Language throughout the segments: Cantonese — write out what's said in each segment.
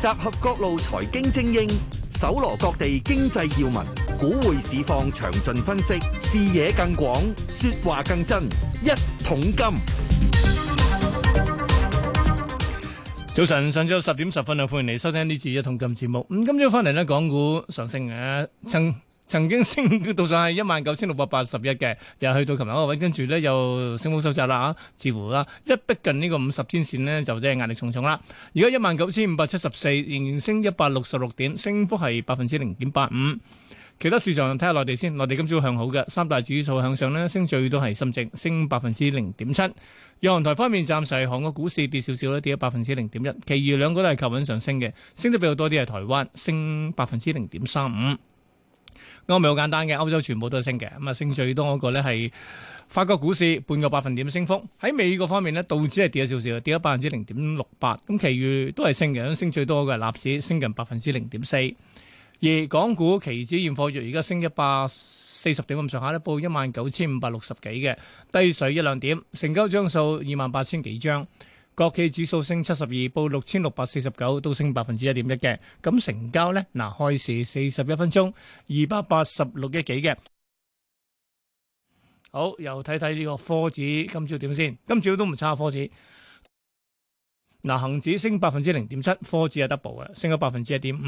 集合各路財經精英，搜羅各地經濟要聞，股匯市況詳盡分析，視野更廣，說話更真。一桶金，早晨，上晝十點十分啊！歡迎你收聽呢次一桶金節目。咁今朝翻嚟呢，港股上升呀，升。曾經升到上係一萬九千六百八十一嘅，又去到琴日嗰個位，跟住咧又升幅收窄啦，似乎啦一逼近呢個五十天線呢，就真係壓力重重啦。而家一萬九千五百七十四，仍然升一百六十六點，升幅係百分之零點八五。其他市場睇下內地先，內地今朝向好嘅，三大指數向上呢，升最多係深圳，升百分之零點七。若台方面暫時係韓國股市跌少少呢，跌咗百分之零點一，其餘兩個都係靠穩上升嘅，升得比較多啲係台灣，升百分之零點三五。嗰個好簡單嘅，歐洲全部都升嘅，咁啊升最多嗰個咧係法國股市半個百分點升幅，喺美國方面呢道指係跌咗少少，跌咗百分之零點六八，咁其餘都係升嘅，升最多嘅納指升近百分之零點四，而港股期指現貨月而家升一百四十點咁上下啦，報一萬九千五百六十幾嘅，低水一兩點，成交張數二萬八千幾張。國企指數升七十二，報六千六百四十九，都升百分之一點一嘅。咁成交咧，嗱，開市四十一分鐘，二百八十六億幾嘅。好，又睇睇呢個科指今朝點先？今朝都唔差科指。嗱，恒指升百分之零點七，科指係 double 嘅，升咗百分之一點五，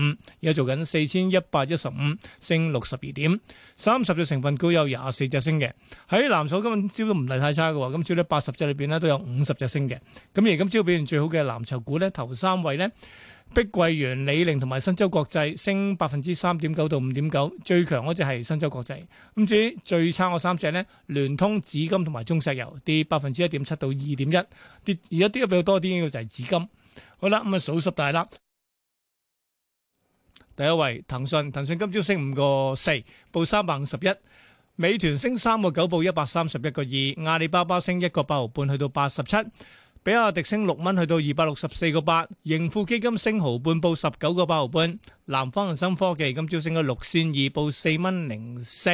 而家做緊四千一百一十五，升六十二點，三十隻成分股有廿四隻升嘅，喺藍籌今日朝都唔係太差嘅，咁今朝呢八十隻裏邊呢都有五十隻升嘅，咁而今朝表現最好嘅藍籌股呢，頭三位呢。碧桂園、李寧同埋新洲國際升百分之三點九到五點九，最強嗰隻係新洲國際。咁至於最差嗰三隻呢，聯通、紫金同埋中石油跌百分之一點七到二點一，跌而家跌得比較多啲嘅就係紫金。好啦，咁啊數十大啦。第一位騰訊，騰訊今朝升五個四，報三百五十一；美團升三個九，報一百三十一個二；阿里巴巴升一個八毫半，去到八十七。比亞迪升六蚊，去到二百六十四個八。盈富基金升毫半，報十九個八毫半。南方恒生科技今朝升咗六線二，報四蚊零四。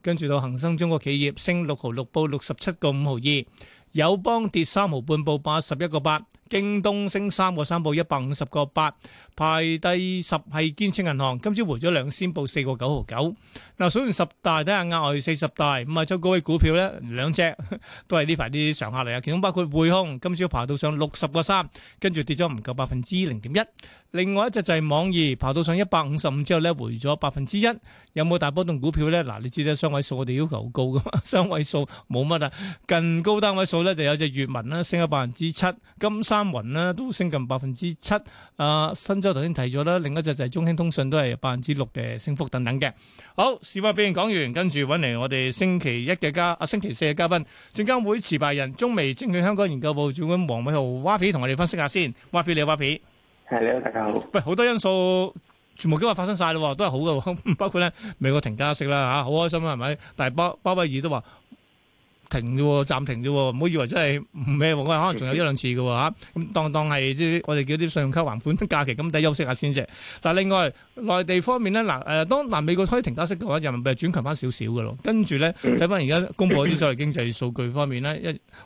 跟住到恒生中國企業升六毫六，報六十七個五毫二。友邦跌三毫半，報八十一個八。京東升三個三，報一百五十個八。排第十係建設銀行，今朝回咗兩先，報四個九毫九。嗱，數完十大，睇下額外四十大唔啊周高位股票咧，兩隻都係呢排啲常客嚟啊。其中包括匯控，今朝爬到上六十個三，跟住跌咗唔夠百分之零點一。另外一隻就係網易，爬到上一百五十五之後咧，回咗百分之一。有冇大波動股票咧？嗱，你知啦，雙位數我哋要求好高噶嘛，雙位數冇乜啊。近高單位數咧就有隻閱文啦，升咗百分之七，金山三云咧都升近百分之七，阿新洲頭先提咗啦，另一隻就係中興通訊都係百分之六嘅升幅等等嘅。好，事話俾人講完，跟住搵嚟我哋星期一嘅嘉，阿、啊、星期四嘅嘉賓，證監會持牌人中美證券香港研究部主管黃偉豪 w a p i 同我哋分析下先 w a p i 你好，Yapi 係你好，大家好。喂，好多因素全部今日發生晒咯，都係好噶，包括咧美國停加息啦吓，好開心啊，係咪？但係包鮑威爾都話。停嘅喎，暫停嘅喎，唔好以為真係唔咩喎，可能仲有一兩次嘅喎嚇，咁當當係即係我哋叫啲信用卡還款假期咁，等休息一下先啫。嗱，另外內地方面咧，嗱誒，當南美國推停加息嘅話，人民幣轉強翻少少嘅咯，跟住咧睇翻而家公布啲所謂經濟數據方面咧，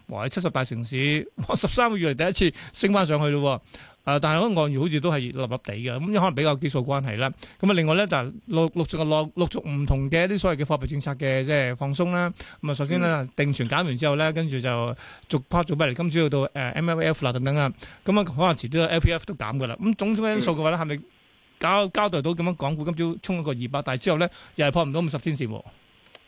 一話七十大城市十三個月嚟第一次升翻上去咯。誒，但係嗰個外匯好似都係立立地嘅，咁因為可能比較基數關係啦。咁啊，另外咧就陸陸續陸陸續唔同嘅一啲所謂嘅貨幣政策嘅即係放鬆啦。咁啊，首先咧定存減完之後咧，跟住就逐 part 做翻嚟，今朝要到誒 MLF 啦等等啊。咁啊，可能遲啲個 LPF 都減噶啦。咁種種嘅因素嘅話咧，係咪交交代到咁樣？港股今朝衝咗個二百，但係之後咧又係破唔到五十天線喎。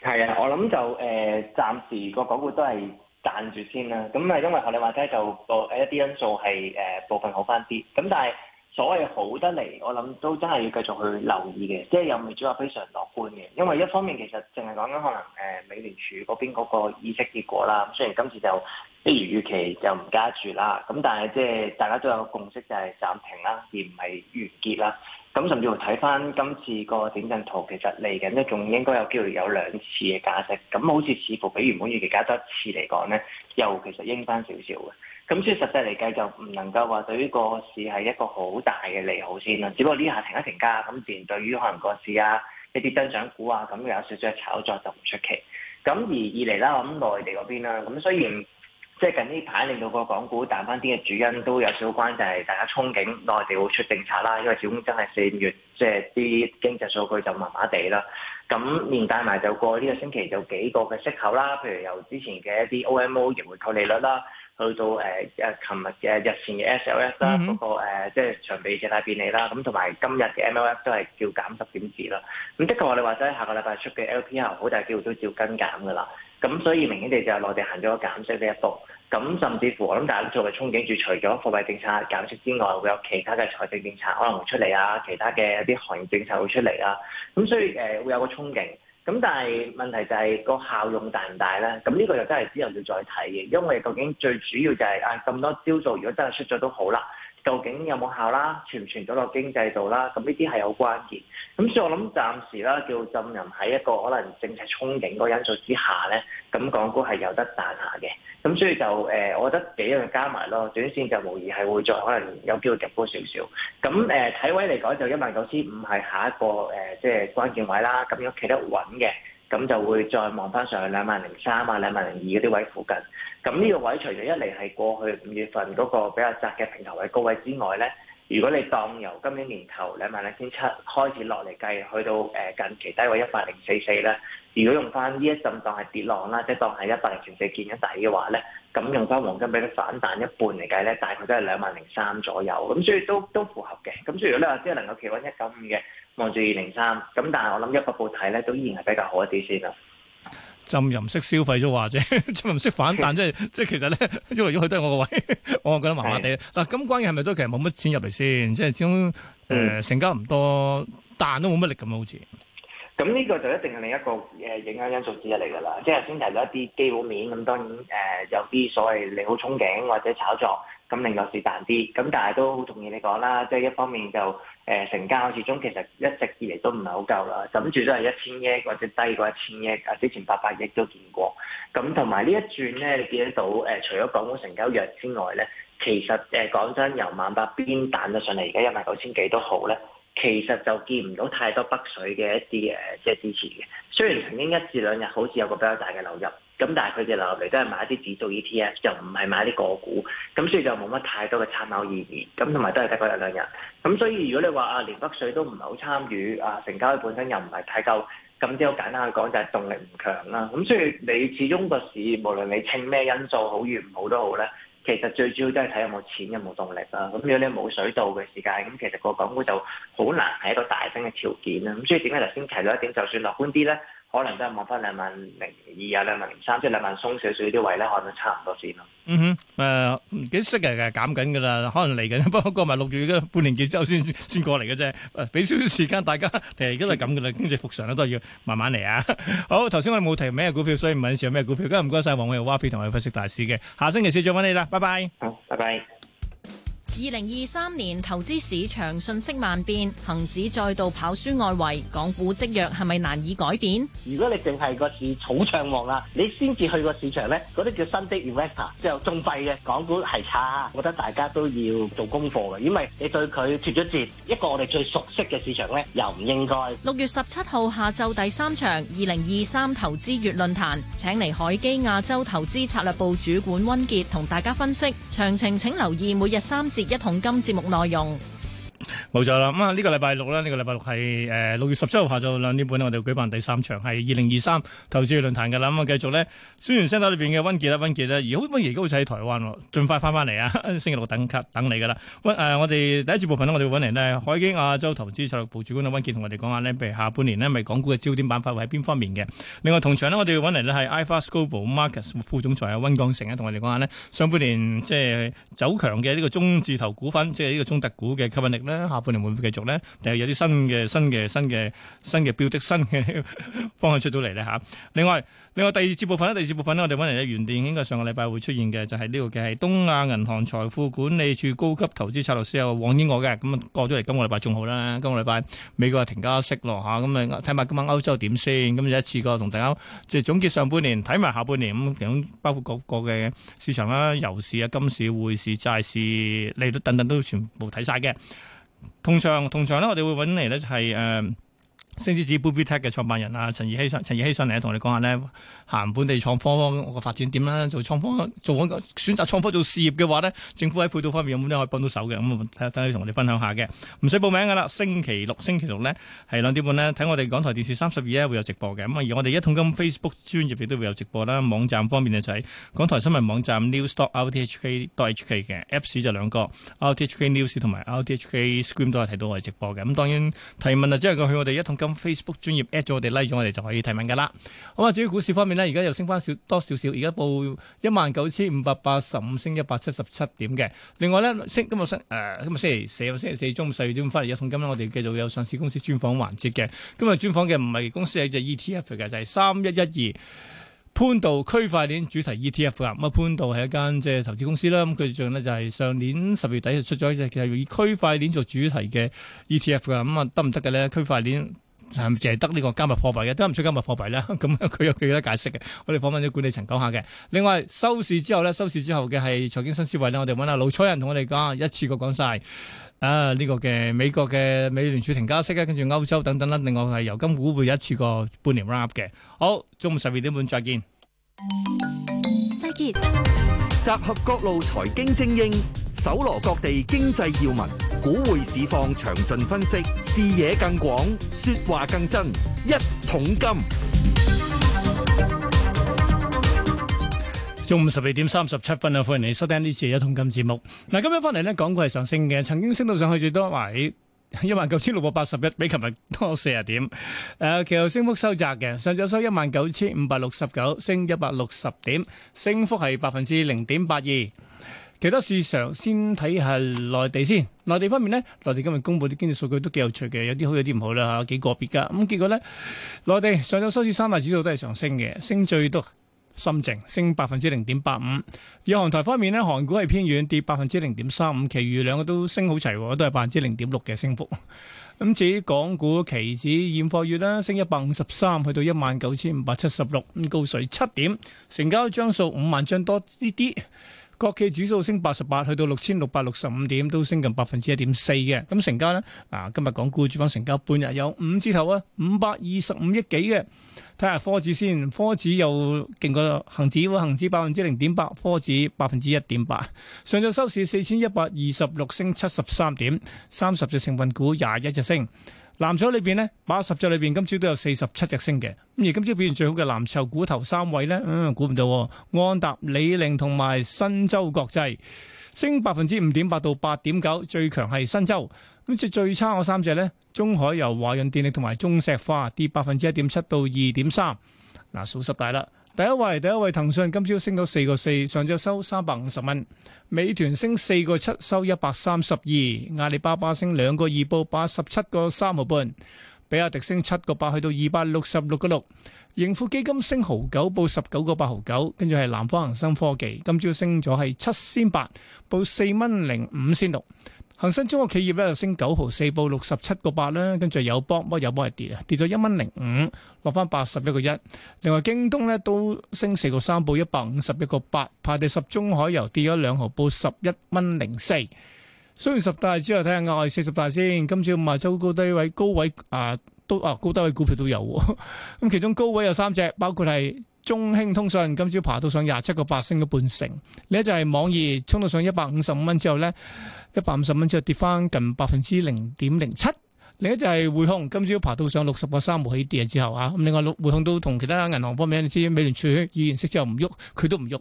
係啊，我諗就誒，暫時個港股都係。賺住先啦，咁係因為學你話齋就個誒一啲因素係誒部分好翻啲，咁但係。所謂好得嚟，我諗都真係要繼續去留意嘅，即係又未至話非常樂觀嘅。因為一方面其實淨係講緊可能美聯儲嗰邊嗰個議息結果啦。雖然今次就一如預期就唔加住啦，咁但係即係大家都有個共識就係暫停啦，而唔係完結啦。咁甚至乎睇翻今次個點陣圖，其實嚟緊咧仲應該有機會有兩次嘅加息。咁好似似乎比原本預期加多一次嚟講咧，又其實應翻少少嘅。咁所以實際嚟計就唔能夠話對於個市係一個好大嘅利好先啦。只不過呢下停一停價，咁自然對於可能個市啊一啲增長股啊，咁有少少炒作就唔出奇。咁而二嚟啦，我諗內地嗰邊啦，咁雖然即係近呢排令到個港股彈翻啲嘅主因都有少少關係，就係大家憧憬內地會出政策啦。因為始終真係四月即係啲經濟數據就麻麻地啦。咁連帶埋就過呢個星期就幾個嘅息口啦，譬如由之前嘅一啲 O M O 逆回購利率啦。去到誒琴日嘅日前嘅 SLF 啦，嗰、嗯那個、呃、即係常備借貸便利啦，咁同埋今日嘅 MLF 都係照減十點子啦。咁的確我哋話齋，下個禮拜出嘅 L P R 好大機會都照跟減噶啦。咁所以明顯地就係內地行咗個減息呢一步。咁甚至乎我諗大家做嘅憧憬住，除咗貨幣政策減息之外，會有其他嘅財政政策可能會出嚟啊，其他嘅一啲行業政策會出嚟啊。咁所以、呃、會有個憧憬。咁但係問題就係、是、個效用大唔大咧？咁呢個又真係之後要再睇嘅，因為究竟最主要就係、是、啊咁多招數，如果真係出咗都好啦。究竟有冇效啦？傳唔傳到落經濟度啦？咁呢啲係好關鍵。咁所以我諗暫時啦，叫浸人喺一個可能政策憧憬嗰因素之下咧，咁港股係有得彈下嘅。咁所以就誒，我覺得比重加埋咯。短線就無疑係會再可能有機會入高少少。咁誒睇位嚟講就一萬九千五係下一個即係關鍵位啦。咁如果企得穩嘅。咁就會再望翻上去兩萬零三啊，兩萬零二嗰啲位附近。咁呢個位除咗一嚟係過去五月份嗰個比較窄嘅平台位高，那個、位之外呢，如果你當由今年年頭兩萬兩千七開始落嚟計，去到誒近期低位一百零四四呢。如果用翻呢一陣當係跌浪啦，即係當係一百零全四見一底嘅話咧，咁用翻黃金俾佢反彈一半嚟計咧，大概都係兩萬零三左右，咁所以都都符合嘅。咁所以如果你話，即係能夠企穩一九五嘅望住二零三，咁但係我諗一個波睇咧，都依然係比較好一啲先啦。浸唔識消費咗話啫，即係唔識反彈， 即係即係其實咧，因為如果去得我個位，我覺得麻麻地。嗱，咁、啊、關鍵係咪都其實冇乜錢入嚟先，即係始終誒成交唔多，但都冇乜力咁好似。咁呢個就一定係另一個影響因素之一嚟㗎啦，即係先提到一啲基本面，咁當然、呃、有啲所謂你好憧憬或者炒作，咁另外是彈啲，咁但係都好同意你講啦，即係一方面就、呃、成交始終其實一直以嚟都唔係好夠啦，諗住都係一千億或者低過一千億啊，之前八百億都見過，咁同埋呢一轉咧，你見得到、呃、除咗港股成交弱之外咧，其實、呃、講真由萬八邊彈到上嚟，而家一萬九千幾都好咧。其實就見唔到太多北水嘅一啲嘅即係支持嘅。雖然曾經一至兩日好似有個比較大嘅流入，咁但係佢哋流入嚟都係買一啲指數 ETF，又唔係買啲個股，咁所以就冇乜太多嘅參考意義。咁同埋都係得嗰一兩日。咁所以如果你話啊，連北水都唔係好參與，啊成交本身又唔係太夠，咁只好簡單去講就係動力唔強啦。咁所以你始終個市無論你稱咩因素好與唔好都好咧。其實最主要都係睇有冇錢，有冇動力啦。咁如果你冇水道嘅時間，咁其實個港股就好難係一個大升嘅條件啦。咁所以點解頭先提到一點，就算樂觀啲咧。可能都係望翻兩萬零二啊，兩萬零三，即係兩萬鬆少少啲位咧，可能差唔多先咯。嗯哼，誒，幾息嘅嘅減緊噶啦，可能嚟緊，不過過埋六月嘅半年期之後先先過嚟嘅啫。誒，俾少少時間大家，誒，而家都係咁噶啦，經濟復常咧都係要慢慢嚟啊。好，頭先我哋冇提咩股票，所以唔問持有咩股票。今日唔該晒黃偉、蛙飛同我哋分析大市嘅，下星期四再翻你啦。拜拜。好，拜拜。二零二三年投資市場瞬息萬變，恒指再度跑輸外圍，港股積弱係咪難以改變？如果你淨係個市草暢旺呀，你先至去個市場呢，嗰啲叫新的 investor，就仲弊嘅，港股係差，我覺得大家都要做功課嘅，因為你對佢脫咗節，一個我哋最熟悉嘅市場呢，又唔應該。六月十七號下晝第三場二零二三投資月論壇，請嚟海基亞洲投資策略部主管溫傑同大家分析。詳情請留意每日三節。一桶金節目內容。冇錯啦，咁啊呢個禮拜六呢？呢、這個禮拜六係誒六月十七號下晝兩點半我哋舉辦第三場係二零二三投資論壇嘅啦，咁啊繼續呢，先完聲帶裏邊嘅溫傑啦，溫傑啦，而傑好溫而家好似喺台灣喎，盡快翻翻嚟啊！星期六等級等你嘅啦，溫、嗯呃、我哋第一節部分呢，我哋揾嚟呢海基亞洲投資策略部主管啊溫傑同我哋講下呢，譬如下半年呢，咪港股嘅焦點板塊會喺邊方面嘅？另外同場呢，我哋要揾嚟咧係 iFAST Global Markets 副總裁啊溫鋼城啊，同我哋講下呢，上半年即係走強嘅呢個中字頭股份，即係呢個中特股嘅吸引力咧。半年會唔會繼續咧，定係有啲新嘅、新嘅、新嘅、新嘅標的、新嘅方向出到嚟咧嚇。另外，另外第二節部分咧，第二節部分咧，我哋揾嚟嘅原電應該上個禮拜會出現嘅，就係呢個嘅係東亞銀行財富管理處高級投資策略師啊，王英娥嘅咁啊過咗嚟。今個禮拜仲好啦，今個禮拜美國係停加息落下咁啊，睇埋今晚歐洲點先咁就一次過同大家即係總結上半年睇埋下半年咁，包括各個嘅市場啦、油市啊、金市、匯市、債市利率等等都全部睇曬嘅。通常，通常咧，我哋會搵嚟咧就係誒。星之子 Bull.B Tech 嘅創辦人啊，陳易希，希上，陳易希上嚟同我哋講下呢，行本地創科個發展點啦，做創科做一個選擇創科做事業嘅話呢，政府喺配套方面有冇啲可以幫到手嘅？咁睇睇佢同我哋分享下嘅，唔使報名噶啦，星期六星期六呢係兩點半呢，睇我哋港台電視三十二咧會有直播嘅。咁啊，而我哋一桶金 Facebook 專頁亦都會有直播啦，網站方面就係港台新聞網站 news.rthk.hk 嘅 Apps 就係兩個 RTHK News 同埋 RTHK Screen 都係睇到我哋直播嘅。咁、嗯、當然提問啊，即係佢去我哋一桶 Facebook 專業 at 咗，我哋拉咗我哋就可以提問噶啦。好啊，至於股市方面呢，而家又升翻少多少少，而家報一萬九千五百八十五，升一百七十七點嘅。另外呢，升今日升誒，今日、呃、星期四，星期四中午四點翻嚟一桶金啦。今我哋繼續有上市公司專訪環節嘅。今日專訪嘅唔係公司，係隻 ETF 嘅，就係三一一二潘度區塊鏈主題 ETF 啦。咁、嗯、啊，潘度係一間即係投資公司啦。咁佢仲呢，就係、是、上年十月底就出咗一隻叫以區塊鏈做主題嘅 ETF 噶。咁、嗯、啊，得唔得嘅咧？區塊鏈係咪淨係得呢個加密貨幣嘅？都唔出加密貨幣啦。咁 佢有幾多解釋嘅？我哋訪問咗管理層講下嘅。另外收市之後咧，收市之後嘅係財經新思維咧，我哋揾下老初人同我哋講，一次過講晒啊呢、這個嘅美國嘅美聯儲停加息咧，跟住歐洲等等啦。另外係油金股會一次過半年 wrap 嘅。好，中午十二點半再見。西杰集合各路財經精英，搜羅各地經濟要聞。股匯市況詳盡分析，視野更廣，說話更真。一桶金，中午十二點三十七分啊！歡迎你收聽呢次一桶金節目。嗱，今日翻嚟咧，港股係上升嘅，曾經升到上去最多位一萬九千六百八十一，比琴日多四十點。誒，其後升幅收窄嘅，上晝收一萬九千五百六十九，升一百六十點，升幅係百分之零點八二。其他市場先睇下內地先，內地方面呢，內地今日公布啲經濟數據都幾有趣嘅，有啲好有啲唔好啦嚇、啊，幾個別噶。咁、嗯、結果呢，內地上晝收市三大指數都係上升嘅，升最多深證升百分之零點八五。而韓台方面呢，韓股係偏軟跌百分之零點三五，其餘兩個都升好齊喎，都係百分之零點六嘅升幅。咁、嗯、至於港股期指現貨月啦，升一百五十三，去到一萬九千五百七十六，咁高水七點，成交張數五萬張多啲啲。國企指數升八十八，去到六千六百六十五點，都升近百分之一點四嘅。咁成交呢？啊，今日港股主板成交半日有五字頭啊，五百二十五億幾嘅。睇下科指先，科指又勁過恒指，恒指百分之零點八，科指百分之一點八，上晝收市四千一百二十六升七十三點，三十隻成分股廿一隻升。藍籌裏邊咧，八十隻裏邊，今朝都有四十七隻升嘅。咁而今朝表現最好嘅藍籌股頭三位咧，嗯，估唔到安達、李寧同埋新洲國際升百分之五點八到八點九，最強係新洲。咁最最差嗰三隻咧，中海油、華潤電力同埋中石化跌百分之一點七到二點三。嗱，數十大啦！第一位，第一位騰訊今朝升到四個四，上晝收三百五十蚊。美團升四個七，收一百三十二。阿里巴巴升兩個二，報八十七個三毫半。比亞迪升七個八，去到二百六十六個六。盈富基金升毫九，報十九個八毫九。跟住係南方恒生科技，今朝升咗係七仙八，報四蚊零五仙六。恒生中國企業咧就升九毫四，報六十七個八啦，跟住有幫不過有幫係跌啊，跌咗一蚊零五，落翻八十一個一。另外京東咧都升四個三，報一百五十一個八，排第十中海油跌咗兩毫報十一蚊零四。雖然十大之後睇下外四十大先，今朝五十周高低位高位啊都啊高低位股票都有，啊，咁其中高位有三隻，包括係。中興通訊今朝爬到上廿七個八，升咗半成。另一就係網易，沖到上一百五十五蚊之後咧，一百五十蚊之後跌翻近百分之零點零七。另一就係匯控，今朝爬到上六十個三毫起跌之後啊，咁另外匯控都同其他銀行方面，你知美聯儲議息之後唔喐，佢都唔喐。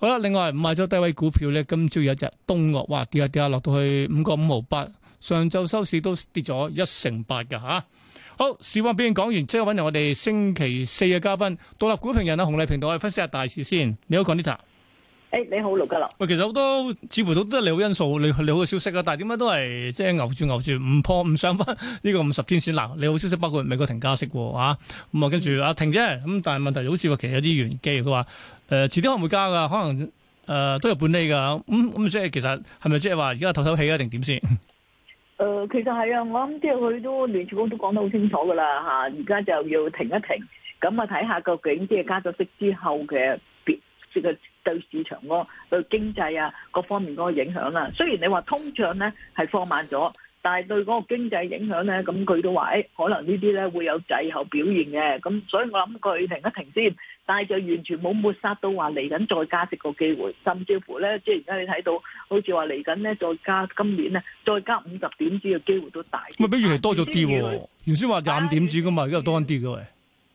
好啦，另外買咗低位股票咧，今朝有一隻東嶽，哇跌下跌下，跌下跌下，落到去五個五毫八，上晝收市都跌咗一成八㗎。吓。好，事話表演講完，即刻揾嚟我哋星期四嘅嘉賓，獨立股評人啊，洪麗平，同我哋分析下大事先。你好，Glitter。誒，你好，盧家樂。喂，其實好多似乎都都係利好因素，利好嘅消息啊。但係點解都係即係牛住牛住，唔破唔上翻呢、這個五十天線。嗱，利好消息包括美國停加息喎，咁啊跟住啊停啫，咁、嗯啊、但係問題好似話其實有啲玄機。佢話誒，遲啲可唔會加噶，可能誒、呃、都有半厘噶。咁、嗯、咁、嗯、即係其實係咪即係話而家透透氣啊，定點先？誒、呃，其實係啊，我諗即係佢都聯儲局都講得好清楚噶啦吓，而、啊、家就要停一停，咁啊睇下究竟即係加咗息之後嘅，即係對市場嗰個、對、呃、經濟啊各方面嗰個影響啦、啊、雖然你話通脹咧係放慢咗。但係對嗰個經濟影響咧，咁佢都話誒，可能呢啲咧會有滯後表現嘅，咁所以我諗佢停一停先。但係就完全冇抹殺到話嚟緊再加息個機會。甚至乎咧，即係而家你睇到，好似話嚟緊咧再加今年咧再加五十點子嘅機會都大。咪比原來多咗啲？原先話廿五點子噶嘛，而家多翻啲嘅。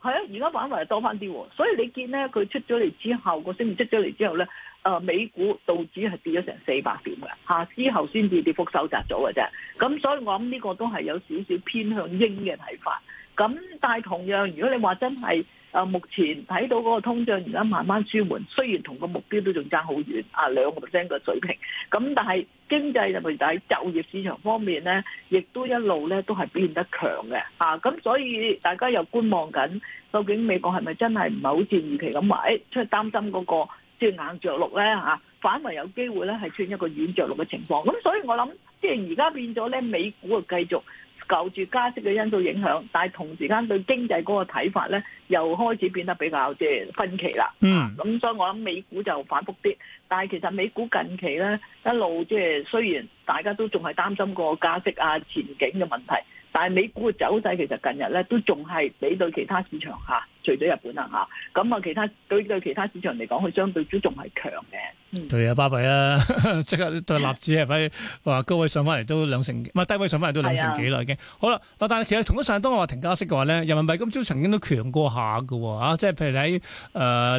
係啊，而家反圍係多翻啲，所以你見咧佢出咗嚟之後個升息出咗嚟之後咧。誒、呃、美股道指係跌咗成四百點嘅嚇、啊，之後先至跌幅收窄咗嘅啫。咁所以我諗呢個都係有少少偏向鷹嘅睇法。咁但係同樣，如果你話真係誒、啊、目前睇到嗰個通脹而家慢慢舒緩，雖然同個目標都仲爭好遠啊，兩個 percent 嘅水平。咁但係經濟入面就喺就業市場方面咧，亦都一路咧都係表現得強嘅嚇。咁、啊、所以大家又觀望緊，究竟美國係咪真係唔係好似預期咁話？誒、哎，出去擔心嗰、那個。即係硬着陸咧嚇，反為有機會咧係出現一個軟着陸嘅情況。咁所以我諗，即係而家變咗咧，美股啊繼續受住加息嘅因素影響，但係同時間對經濟嗰個睇法咧，又開始變得比較即係分歧啦。嗯，咁所以我諗美股就反覆啲，但係其實美股近期咧一路即係雖然大家都仲係擔心個加息啊前景嘅問題，但係美股嘅走勢其實近日咧都仲係比對其他市場嚇，除咗日本啊嚇，咁啊其他對對其他市場嚟講，佢相對都仲係強嘅。嗯，對啊，巴閉啦，即刻都立子啊，快話、嗯、高位上翻嚟都兩成，唔係低位上翻嚟都兩成幾啦已經。啊、好啦，但係其實同咗上日當我話停加息嘅話咧，人民幣今朝曾經都強過下嘅喎、啊、即係譬如喺誒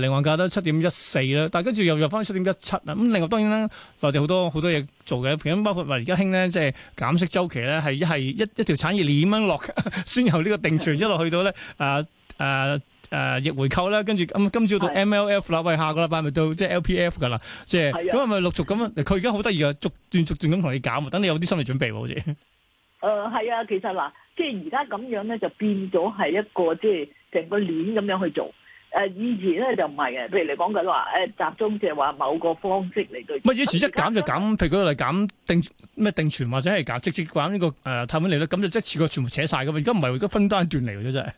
離岸價得七點一四啦，呃、但係跟住又入翻七點一七啊。咁另外當然啦，內地好多好多嘢做嘅，譬如包括話而家興咧，即係減息周期咧，係一係一一條產業點樣落先由呢個定存一路去到咧誒誒。呃呃誒，逆回購咧，跟住咁今朝到 MLF 啦，喂，下個禮拜咪到即係 LPF 噶啦，即係咁係咪陸續咁？佢而家好得意啊，逐段逐段咁同你減啊，等你有啲心理準備喎，好似。誒，係啊，其實嗱，即係而家咁樣咧，就變咗係一個即係成個鏈咁樣去做。誒，以前咧就唔係嘅，譬如你講緊話誒，集中即係話某個方式嚟嘅。唔係，以前一減就減，譬如舉例減定咩定存或者係減直接減呢個誒貸款利率，咁就即係次過全部扯曬嘅嘛。而家唔係，而家分單段嚟嘅真係。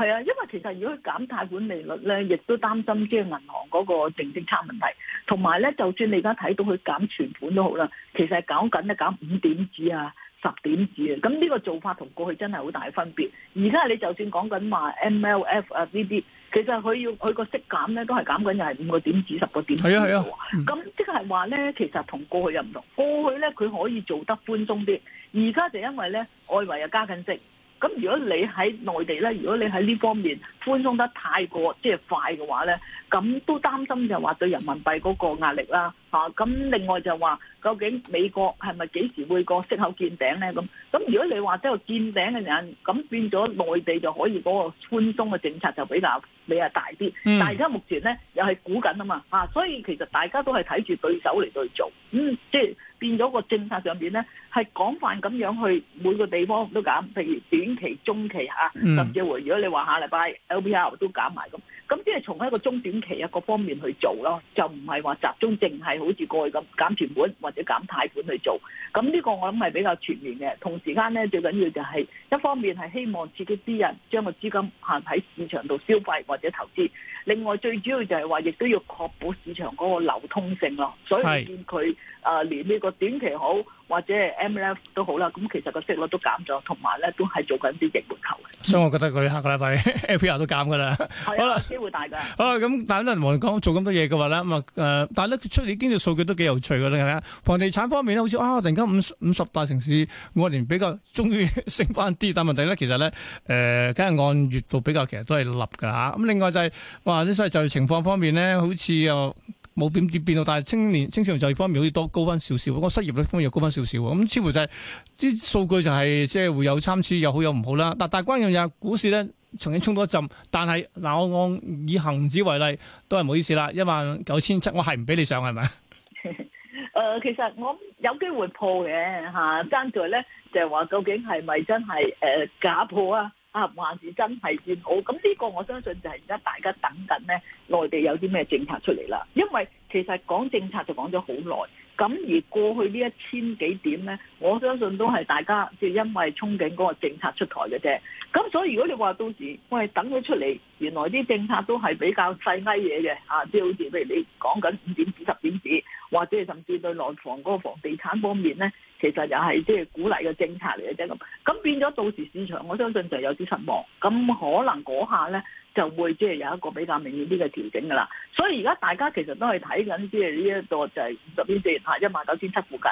係啊，因為其實如果佢減貸款利率咧，亦都擔心即係銀行嗰個淨息差問題。同埋咧，就算你而家睇到佢減存款都好啦，其實係減緊咧減五點子啊、十點子啊。咁呢個做法同過去真係好大分別。而家你就算講緊話 MLF 啊呢啲，其實佢要佢個息減咧都係減緊又係五個點子、十個點子。係啊係啊。咁即係話咧，其實同過去又唔同。過去咧佢可以做得寬鬆啲，而家就因為咧外圍又加緊息。咁如果你喺內地咧，如果你喺呢方面寬鬆得太過，即係快嘅話咧。咁都擔心就話對人民幣嗰個壓力啦，嚇咁另外就話究竟美國係咪幾時會個息口見頂咧？咁咁如果你話真係見頂嘅陣，咁變咗內地就可以嗰個寬鬆嘅政策就比較比較大啲。但係而家目前咧又係估緊啊嘛，嚇所以其實大家都係睇住對手嚟去做，嗯，即係變咗個政策上邊咧係廣泛咁樣去每個地方都減，譬如短期、中期嚇，甚至乎如果你話下禮拜 LPR 都減埋咁，咁即係從一個中短。期啊，各方面去做咯，就唔係話集中淨係好似過去咁減存款或者減貸款去做，咁呢個我諗係比較全面嘅。同時間咧，最緊要就係一方面係希望刺激啲人將個資金行喺市場度消費或者投資，另外最主要就係話亦都要確保市場嗰個流通性咯。所以見佢啊，連呢個短期好。或者 MLF 都好啦，咁其實個息率都減咗，同埋咧都係做緊啲逆回購。所以我覺得佢哋下個禮拜 APR 都減㗎了啦。係 啊好了， 機會大㗎。啊，咁但係咧，我哋講做咁多嘢嘅話咧，咁啊誒，但係咧、呃、出嚟啲經濟數據都幾有趣㗎啦。房地產方面咧，好似啊突然間五十五十大城市按年比較終於升翻啲，但係問題咧其實咧誒，緊、呃、係按月度比較其實都係立㗎嚇。咁、啊、另外就係話啲西就業情況方面咧，好似又～、呃冇點點變到，但係青年青少年就業方面好似多高翻少少，我失業率方面又高翻少少。咁似乎就係啲數據就係、係、即係會有參差，又好有唔好啦。嗱，但係關鍵又、就係、股市咧，曾經衝多一陣，但係嗱，我按以恒指為例，都係唔好意思啦，一萬九千七，我係唔俾你上係咪？誒、 呃，其實我有機會破嘅嚇，爭在咧就係話究竟係咪真係誒、呃、假破啊？啊，話事真係最好咁呢個，我相信就係而家大家等緊咧，內地有啲咩政策出嚟啦。因為其實講政策就講咗好耐。咁而過去呢一千幾點咧，我相信都係大家即係因為憧憬嗰個政策出台嘅啫。咁所以如果你話到時，喂，等佢出嚟，原來啲政策都係比較細埃嘢嘅，啊，即係好似譬如你講緊五點子、十點子，或者甚至對內房嗰個房地產方面咧，其實又係即係鼓勵嘅政策嚟嘅啫。咁咁變咗到時市場，我相信就有啲失望。咁可能嗰下咧。就會即係有一個比較明顯啲嘅調整噶啦，所以而家大家其實都係睇緊即係呢一個就係五十點四，下一萬九千七附近。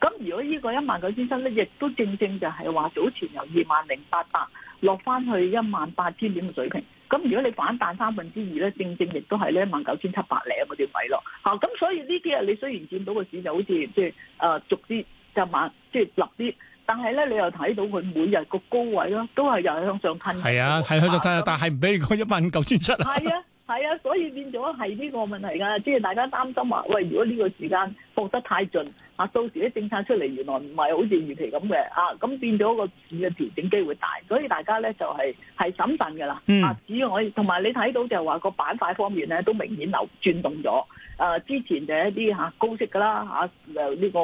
咁如果這個呢個一萬九千七咧，亦都正正就係話早前由二萬零八百落翻去一萬八千點嘅水平。咁如果你反彈三分之二咧，正正亦都係呢一萬九千七百零嗰啲位咯。吓，咁所以呢啲啊，你雖然見到個市就像，就是呃一，就好似即係誒逐啲就是、慢即係立啲。但係咧，你又睇到佢每日個高位咯，都係又向上噴。係啊，係向上噴，但係唔俾你講一百五九千七啊。係啊，係啊，所以變咗係呢個問題㗎。即係大家擔心話，喂，如果呢個時間放得太盡，啊，到時啲政策出嚟，原來唔係好似預期咁嘅，啊，咁變咗個市嘅調整機會大，所以大家咧就係係審慎噶啦。嗯。只要我同埋你睇到就係話個板塊方面咧都明顯流轉動咗。誒，之前就一啲嚇高息噶啦嚇，誒呢個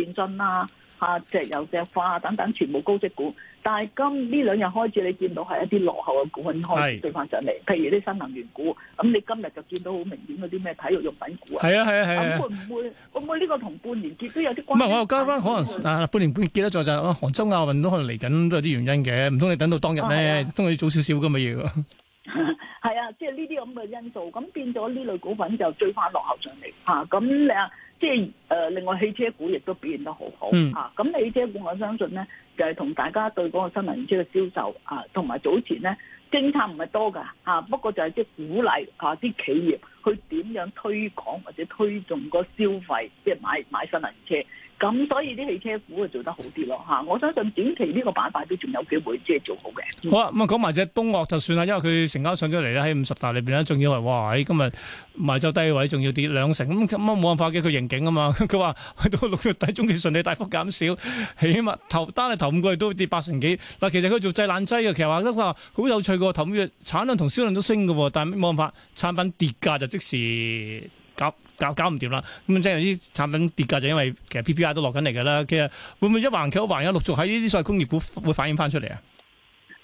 電信啦。啊！石油石化等等，全部高息股，但係今呢兩日開始，你見到係一啲落後嘅股份開始追翻上嚟，譬如啲新能源股。咁你今日就見到好明顯嗰啲咩體育用品股啊？係啊係啊係啊，啊，啊！會唔會會唔會呢個同半年結都有啲關係？唔係我又加翻可能嗱、啊、半年半結得再就啦、是，杭州亞運都可能嚟緊，都有啲原因嘅。唔通你等到當日咩？都係早少少嘅嘢？係啊，即係呢啲咁嘅因素，咁變咗呢類股份就追翻落後上嚟啊！咁你啊～即係誒，另外汽車股亦都表現得好好啊！咁汽車股，我相信咧，就係、是、同大家對嗰個新能源車嘅銷售啊，同埋早前咧政策唔係多㗎啊，不過就係啲鼓勵啊，啲企業去點樣推廣或者推動個消費，即、就、係、是、買買新能源車。咁所以啲汽車股啊做得好啲咯嚇，我相信短期呢個板塊都仲有機會即係做好嘅。好啊，咁啊講埋隻東岳就算啦，因為佢成交上咗嚟咧喺五十大裏邊咧，仲以為哇今日賣走低位仲要跌兩成，咁咁啊冇辦法嘅，佢盈警啊嘛，佢話去到六月底中期順利大幅減少，起碼頭單係頭五個月都跌八成幾。嗱，其實佢做製冷劑嘅，其實話得佢話好有趣嘅喎，頭五月產量同銷量都升嘅喎，但係冇辦法產品跌價就即時急。搞搞唔掂啦！咁即係有啲產品跌價就因為其實 PPI 都落緊嚟㗎啦。其實會唔會一環扣一環，有陸續喺呢啲所謂工業股會反映翻出嚟啊？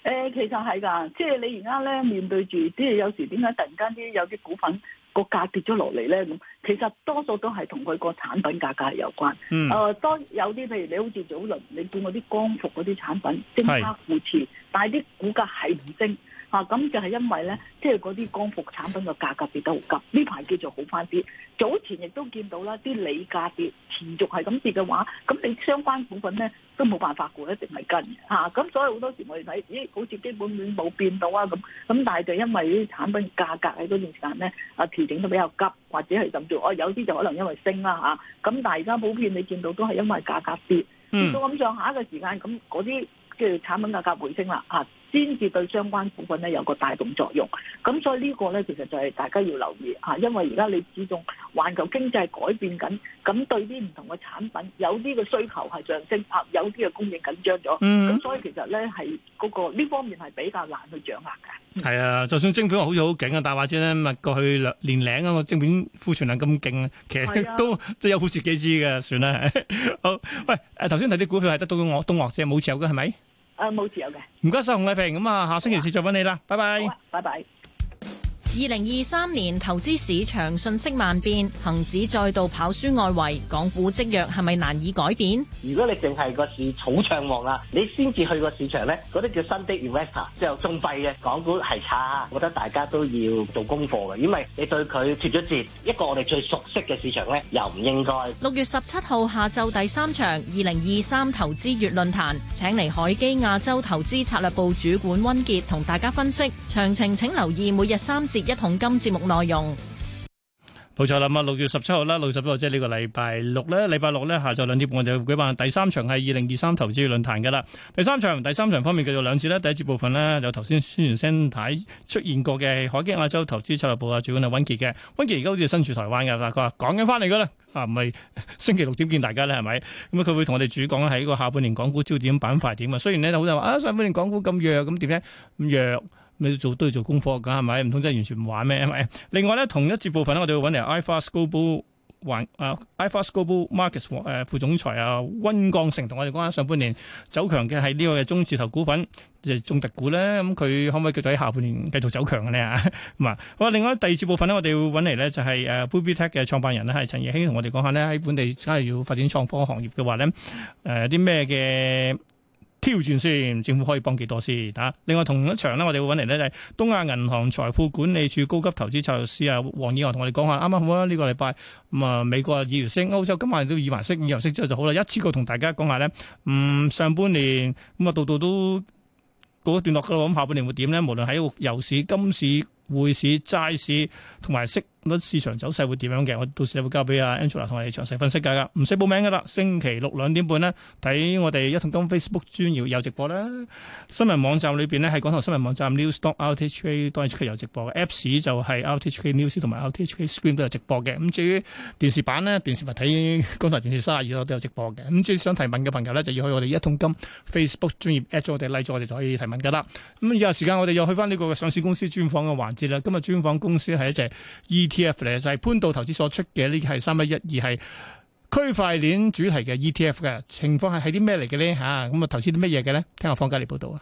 誒、呃，其實係㗎，即係你而家咧面對住，即係有時點解突然間啲有啲股份個價跌咗落嚟咧？咁其實多數都係同佢個產品價格有關。嗯。誒、呃，當有啲譬如你好似早輪，你見嗰啲光伏嗰啲產品即刻扶持，是但係啲股價係唔升。咁、啊、就係因為咧，即係嗰啲光伏產品嘅價格跌得好急，呢排叫做好翻啲。早前亦都見到啦，啲鋰價跌，持續係咁跌嘅話，咁你相關股份咧都冇辦法股一直係跟吓。咁、啊、所以好多時我哋睇，咦，好似基本面冇變到啊咁，咁但係就因為啲產品價格喺嗰段時間咧啊調整得比較急，或者係咁做，哦、啊，有啲就可能因為升啦吓。咁、啊啊、但係而家普遍你見到都係因為價格跌，嗯，到咁上下嘅時間，咁嗰啲嘅產品價格回升啦，啊先至對相關股份咧有個帶動作用，咁所以呢個咧其實就係大家要留意吓，因為而家你始終環球經濟改變緊，咁對啲唔同嘅產品有啲嘅需求係上升，啊有啲嘅供應緊張咗，咁所以其實咧係嗰個呢方面係比較難去掌握嘅。係啊，就算晶片好似好勁啊，但係話晒咧，咪過去兩年零啊個晶片庫存量咁勁，其實都即係有苦自己知嘅，算啦。好，喂，誒頭先睇啲股票係得東樂東樂啫，冇持有嘅係咪？誒、呃，冇自由嘅。唔該晒，洪麗萍。咁啊，下星期四再揾你啦。拜拜。啊、拜拜。二零二三年投資市場瞬息萬變，恒指再度跑輸外圍，港股積弱係咪難以改變？如果你淨係個市草長望啦，你先至去個市場呢，嗰啲叫新的 investor，即係仲弊嘅港股係差，我覺得大家都要做功課嘅，因為你對佢脫咗節，一個我哋最熟悉嘅市場呢，又唔應該。六月十七號下晝第三場二零二三投資月論壇，請嚟海基亞洲投資策略部主管温杰同大家分析詳情。長請留意每日三節。一桶金節目內容，冇錯啦。咁啊，六月十七號啦，六月十七號即係呢個禮拜六咧，禮拜六咧下晝兩點半我哋舉辦第三場係二零二三投資論壇嘅啦。第三場，第三場方面繼續兩次咧，第一節部分咧有頭先宣傳聲帶出現過嘅海基亞洲投資策略部啊主管阿温杰嘅，温杰而家好似身處台灣噶啦，佢話講緊翻嚟噶啦，啊唔係星期六點見大家咧係咪？咁啊，佢會同我哋主講咧喺一個下半年港股焦點板塊點啊。雖然咧好多人話啊，上半年港股咁弱，咁點咧？咁弱。你做都要做功課噶，係咪？唔通真係完全唔玩咩？另外咧，同一節部分咧，我哋會揾嚟。iFAST Global 環啊 iFAST Global Markets 誒副總裁啊，温、呃、鋼、呃、成同我哋講下上半年走強嘅係呢個嘅中字頭股份，就係中特股咧。咁、嗯、佢可唔可以繼續喺下半年繼續走強嘅咧？咁啊，好另外第二節部分咧，我哋會揾嚟咧，就係、是、誒 BabyTech 嘅創辦人咧，係陳業興同我哋講下咧，喺本地真係要發展創科行業嘅話咧，誒啲咩嘅？調轉先，政府可以幫幾多先？吓、啊，另外同一場咧，我哋會搵嚟咧，就係東亞銀行財富管理處高級投資策略師啊，黃以豪同我哋講下，啱啱啊呢個禮拜咁啊、嗯，美國議息，歐洲今晚都議息，議息之後就好啦。一次過同大家講下咧，嗯，上半年咁啊、嗯，度度都過一段落嘅，咁下半年會點咧？無論喺油市、金市。會市、債市同埋息率市場走勢會點樣嘅？我到時咧會交俾阿 Angela 同我哋詳細分析㗎啦。唔使報名㗎啦，星期六兩點半咧，睇我哋一桶金 Facebook 專頁有直播啦。新聞網站裏邊咧係港台新聞網站 news.rthk.hk 都有直播嘅。Apps 就係 RTHK News 同埋 RTHK Screen 都有直播嘅。咁至於電視版咧，電視台睇港台電視三十二都都有直播嘅。咁至於想提問嘅朋友咧，就要去我哋一桶金 Facebook 專頁 at 咗我哋，like 咗我哋就可以提問㗎啦。咁以下時間我哋又去翻呢個上市公司專訪嘅環。今日專訪公司係一隻 E T F 嚟，就係潘度投資所出嘅。呢係三一一二，係區塊鏈主題嘅 E T F 嘅情況係係啲咩嚟嘅呢？吓，咁啊，投資啲乜嘢嘅呢？聽下方家烈報道啊！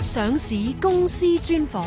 上市公司專訪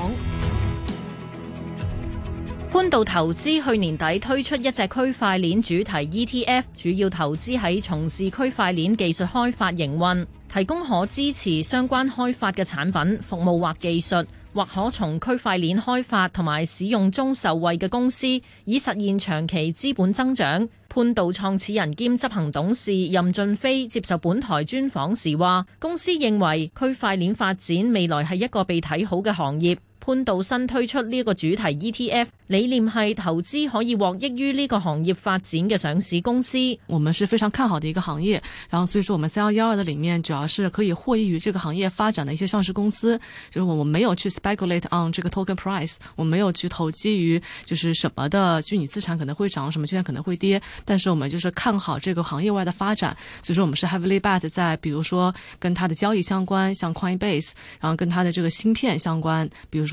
潘度投資去年底推出一隻區塊鏈主題 E T F，主要投資喺從事區塊鏈技術開發營運。提供可支持相關開發嘅產品、服務或技術，或可從區塊鏈開發同埋使用中受惠嘅公司，以實現長期資本增長。判道創始人兼執行董事任俊飛接受本台專訪時話，公司認為區塊鏈發展未來係一個被睇好嘅行業。潘導新推出呢個主題 ETF，理念係投資可以獲益於呢個行業發展嘅上市公司。我們是非常看好的一個行業，然後所以說我們3112的裏面主要是可以獲益於這個行業發展的一些上市公司，就是我們沒有去 speculate on 這個 token price，我沒有去投機於就是什麼的虛擬資產可能會漲，什麼資產可能會跌，但是我們就是看好這個行業外的發展，所以說我們是 heavily bet 在，比如說跟它的交易相關，像 Coinbase，然後跟它的這個芯片相關，比如說。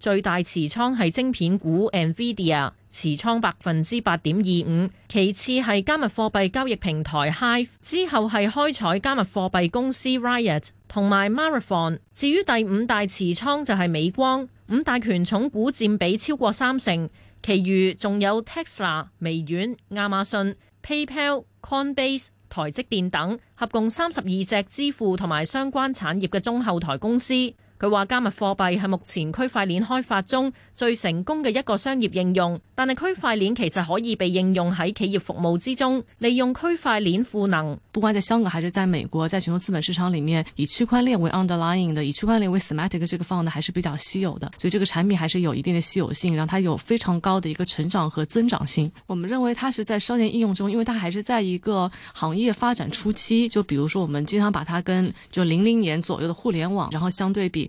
最大持倉係晶片股 NVIDIA，持倉百分之八點二五。其次係加密貨幣交易平台 Hive，之後係開採加密貨幣公司 Riot 同埋 Marathon。至於第五大持倉就係美光。五大權重股佔比超過三成，其餘仲有 Tesla、微軟、亞馬遜、PayPal、Coinbase、台積電等，合共三十二隻支付同埋相關產業嘅中後台公司。佢話加密貨幣係目前區塊鏈開發中最成功嘅一個商業應用，但係區塊鏈其實可以被應用喺企業服務之中，利用區塊鏈賦能。不管在香港，還是在美國，在全球資本市場裡面，以區塊鏈為 underlying 的，以區塊鏈為 semantic 這個方案呢，還是比較稀有的，所以這個產品還是有一定的稀有性，讓它有非常高的一個成長和增長性。我們認為它是在商業應用中，因為它還是在一個行業發展初期，就比如說，我們經常把它跟就零零年左右的互聯網，然後相對比。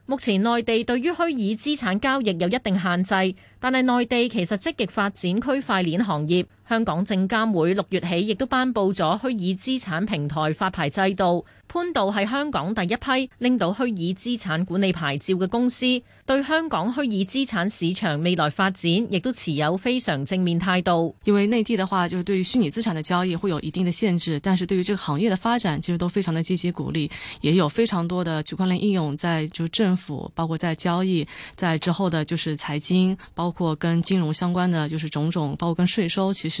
目前內地對於虛擬資產交易有一定限制，但係內地其實積極發展區塊鏈行業。香港證監會六月起亦都頒布咗虛擬資產平台發牌制度。潘道係香港第一批拎到虛擬資產管理牌照嘅公司，對香港虛擬資產市場未來發展亦都持有非常正面態度。因為內地的話，就對於虛擬資產的交易會有一定的限制，但是對於這個行業的發展其實都非常的積極鼓勵，也有非常多的區塊鏈應用在就政府，包括在交易，在之後的就是財經，包括跟金融相關的就是種種，包括跟稅收其實。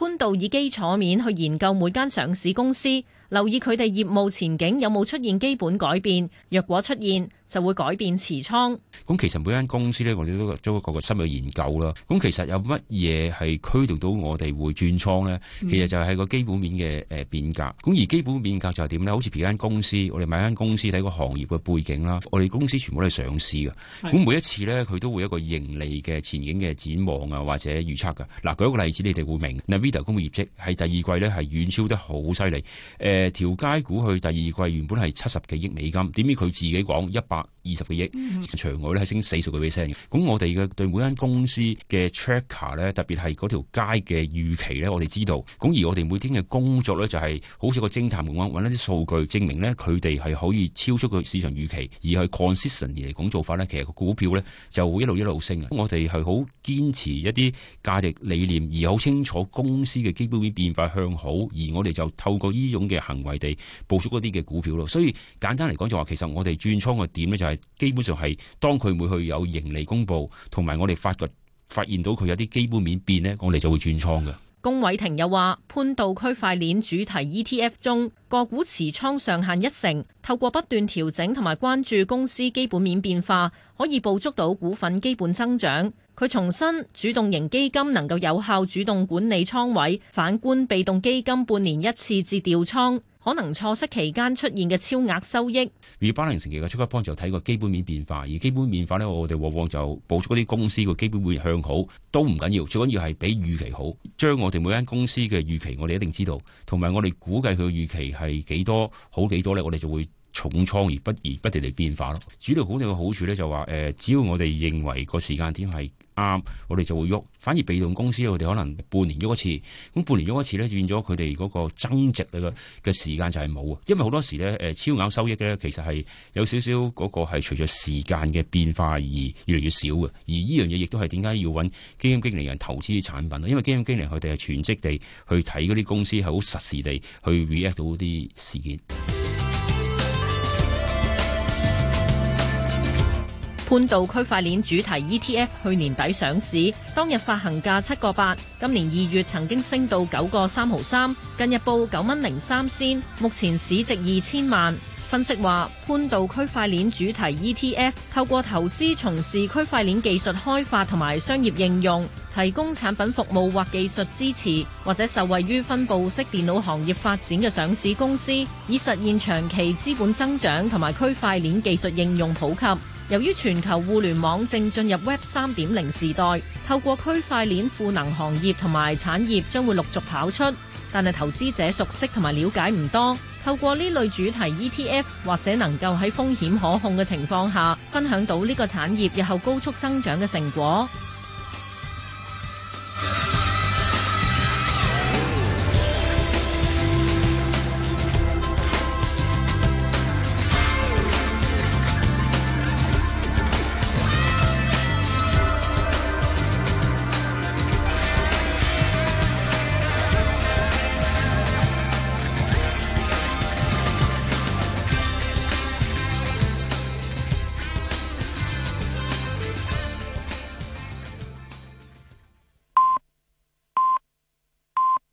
潘杜以基礎面去研究每間上市公司，留意佢哋業務前景有冇出現基本改變，若果出現。就會改變持倉。咁其實每間公司咧，我哋都做一個深入研究啦。咁其實有乜嘢係驅動到我哋會轉倉咧？其實就係個基本面嘅誒變革。咁、嗯、而基本面變革就係點咧？好似別間公司，我哋買間公司睇個行業嘅背景啦。我哋公司全部都係上市㗎。咁每一次咧，佢都會有一個盈利嘅前景嘅展望啊，或者預測㗎。嗱，舉一個例子，你哋會明。嗱 Nvidia 公布業績喺第二季咧係遠超得好犀利。誒、呃，條街股去第二季原本係七十幾億美金，點知佢自己講一百二十個億，mm -hmm. 場外咧係升四十個 percent 嘅。咁我哋嘅對每間公司嘅 tracker 咧，特別係嗰條街嘅預期咧，我哋知道。咁而我哋每天嘅工作咧，就係好似個偵探咁樣，揾一啲數據證明咧，佢哋係可以超出個市場預期，而係 consistent 嚟講做法咧，其實個股票咧就會一路一路升。我哋係好堅持一啲價值理念，而好清楚公司嘅基本面變化向好，而我哋就透過呢種嘅行為地部署嗰啲嘅股票咯。所以簡單嚟講就話，其實我哋轉倉嘅點。咁就係基本上係當佢會去有盈利公布，同埋我哋發覺發現到佢有啲基本面變，呢我哋就會轉倉嘅。龔偉庭又話，潘道區塊鏈主題 ETF 中個股持倉上限一成，透過不斷調整同埋關注公司基本面變化，可以捕捉到股份基本增長。佢重申，主動型基金能夠有效主動管理倉位，反觀被動基金半年一次至調倉。可能錯失期間出現嘅超額收益。而八零時期嘅出發方就睇過基本面變化，而基本面變化咧，我哋往往就捕捉嗰啲公司嘅基本面向好都唔緊要，最緊要係比預期好。將我哋每間公司嘅預期，我哋一定知道，同埋我哋估計佢嘅預期係幾多，好幾多咧，我哋就會重倉而不而不停地變化咯。主要好嘅好處咧，就話誒，只要我哋認為個時間點係。啱，我哋就會喐，反而被動公司我哋可能半年喐一次，咁半年喐一次咧，變咗佢哋嗰個增值嘅嘅時間就係冇啊，因為好多時咧，誒，超額收益咧，其實係有少少嗰個係隨住時間嘅變化而越嚟越少嘅，而呢樣嘢亦都係點解要揾基金經理人投資啲產品，因為基金經理佢哋係全職地去睇嗰啲公司，係好實時地去 react 到啲事件。潘度區塊鏈主題 ETF 去年底上市，當日發行價七個八，今年二月曾經升到九個三毫三，近日報九蚊零三仙，目前市值二千萬。分析話，潘度區塊鏈主題 ETF 透過投資從事區塊鏈技術開發同埋商業應用，提供產品服務或技術支持，或者受惠於分佈式電腦行業發展嘅上市公司，以實現長期資本增長同埋區塊鏈技術應用普及。由於全球互聯網正進入 Web 三點零時代，透過區塊鏈賦能行業同埋產業，將會陸續跑出。但係投資者熟悉同埋了解唔多，透過呢類主題 ETF，或者能夠喺風險可控嘅情況下，分享到呢個產業日後高速增長嘅成果。